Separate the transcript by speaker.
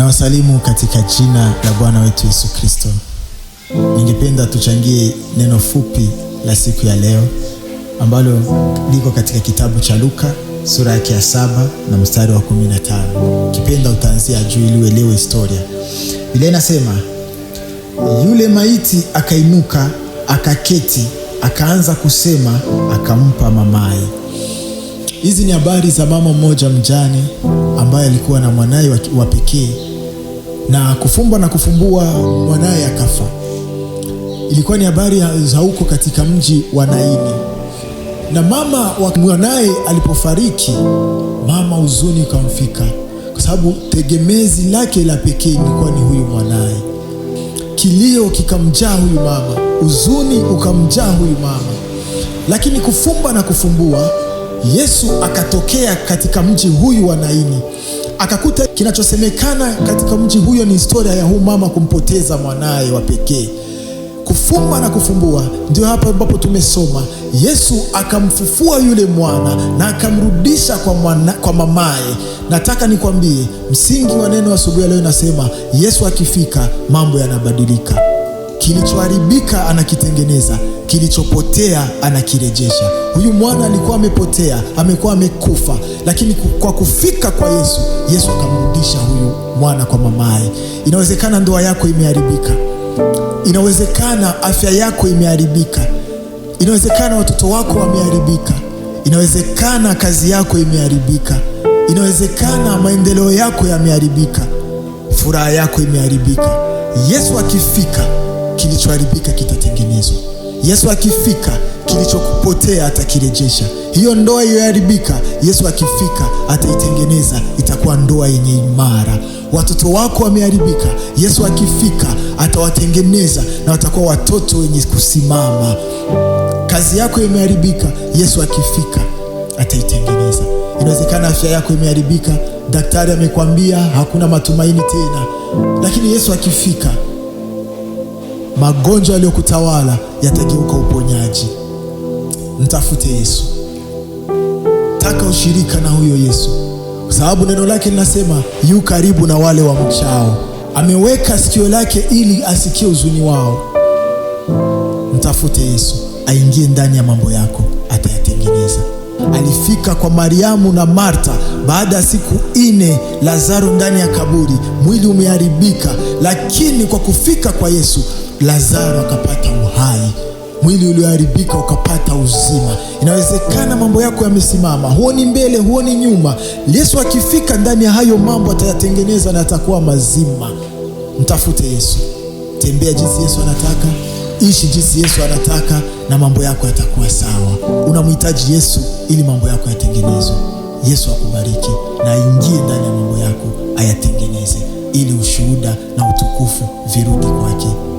Speaker 1: Na wasalimu katika jina la Bwana wetu Yesu Kristo. Ningependa tuchangie neno fupi la siku ya leo ambalo liko katika kitabu cha Luka sura yake ya saba na mstari wa kumi na tano. Kipenda utaanzia juu ili uelewe historia. Biblia inasema yule maiti akainuka, akaketi, akaanza kusema, akampa mamaye. Hizi ni habari za mama mmoja mjani ambaye alikuwa na mwanaye wa pekee na kufumba na kufumbua mwanaye akafa. Ilikuwa ni habari za huko katika mji wa Naini. Na mama wa mwanaye alipofariki, mama huzuni ukamfika, kwa sababu tegemezi lake la pekee ilikuwa ni huyu mwanaye. Kilio kikamjaa huyu mama, huzuni ukamjaa huyu mama, lakini kufumba na kufumbua, Yesu akatokea katika mji huyu wa Naini akakuta kinachosemekana katika mji huyo ni historia ya huu mama kumpoteza mwanaye wa pekee. Kufumba na kufumbua, ndio hapa ambapo tumesoma Yesu akamfufua yule mwana na akamrudisha kwa, mwana, kwa mamaye. Nataka nikwambie msingi wa neno asubuhi ya leo inasema Yesu akifika mambo yanabadilika. Kilichoharibika anakitengeneza, kilichopotea anakirejesha. Huyu mwana alikuwa amepotea, amekuwa amekufa, lakini kwa kufika kwa Yesu, Yesu akamrudisha huyu mwana kwa mamaye. Inawezekana ndoa yako imeharibika, inawezekana afya yako imeharibika, inawezekana watoto wako wameharibika, inawezekana kazi yako imeharibika, inawezekana maendeleo yako yameharibika, furaha yako imeharibika. Yesu akifika kilichoharibika kitatengenezwa. Yesu akifika, kilichokupotea atakirejesha. Hiyo ndoa iliyoharibika, Yesu akifika ataitengeneza, itakuwa ndoa yenye imara. Watoto wako wameharibika, Yesu akifika atawatengeneza na watakuwa watoto wenye kusimama. Kazi yako imeharibika, Yesu akifika ataitengeneza. Inawezekana afya yako imeharibika, daktari amekwambia hakuna matumaini tena, lakini Yesu akifika magonjwa yaliyokutawala yatageuka uponyaji. Mtafute Yesu, taka ushirika na huyo Yesu, kwa sababu neno lake linasema yu karibu na wale wa mchao, ameweka sikio lake ili asikie huzuni wao. Mtafute Yesu aingie ndani ya mambo yako, atayatengeneza. Alifika kwa Mariamu na Marta baada ya siku nne, Lazaro ndani ya kaburi, mwili umeharibika, lakini kwa kufika kwa Yesu Lazaro akapata uhai, mwili ulioharibika ukapata uzima. Inawezekana mambo yako yamesimama, huoni mbele, huoni nyuma. Yesu akifika ndani ya hayo mambo atayatengeneza na atakuwa mazima. Mtafute Yesu, tembea jinsi Yesu anataka, ishi jinsi Yesu anataka, na mambo yako yatakuwa sawa. Unamhitaji Yesu ili mambo yako yatengenezwe. Yesu akubariki na aingie ndani ya mambo yako ayatengeneze, ili ushuhuda na utukufu virudi kwake.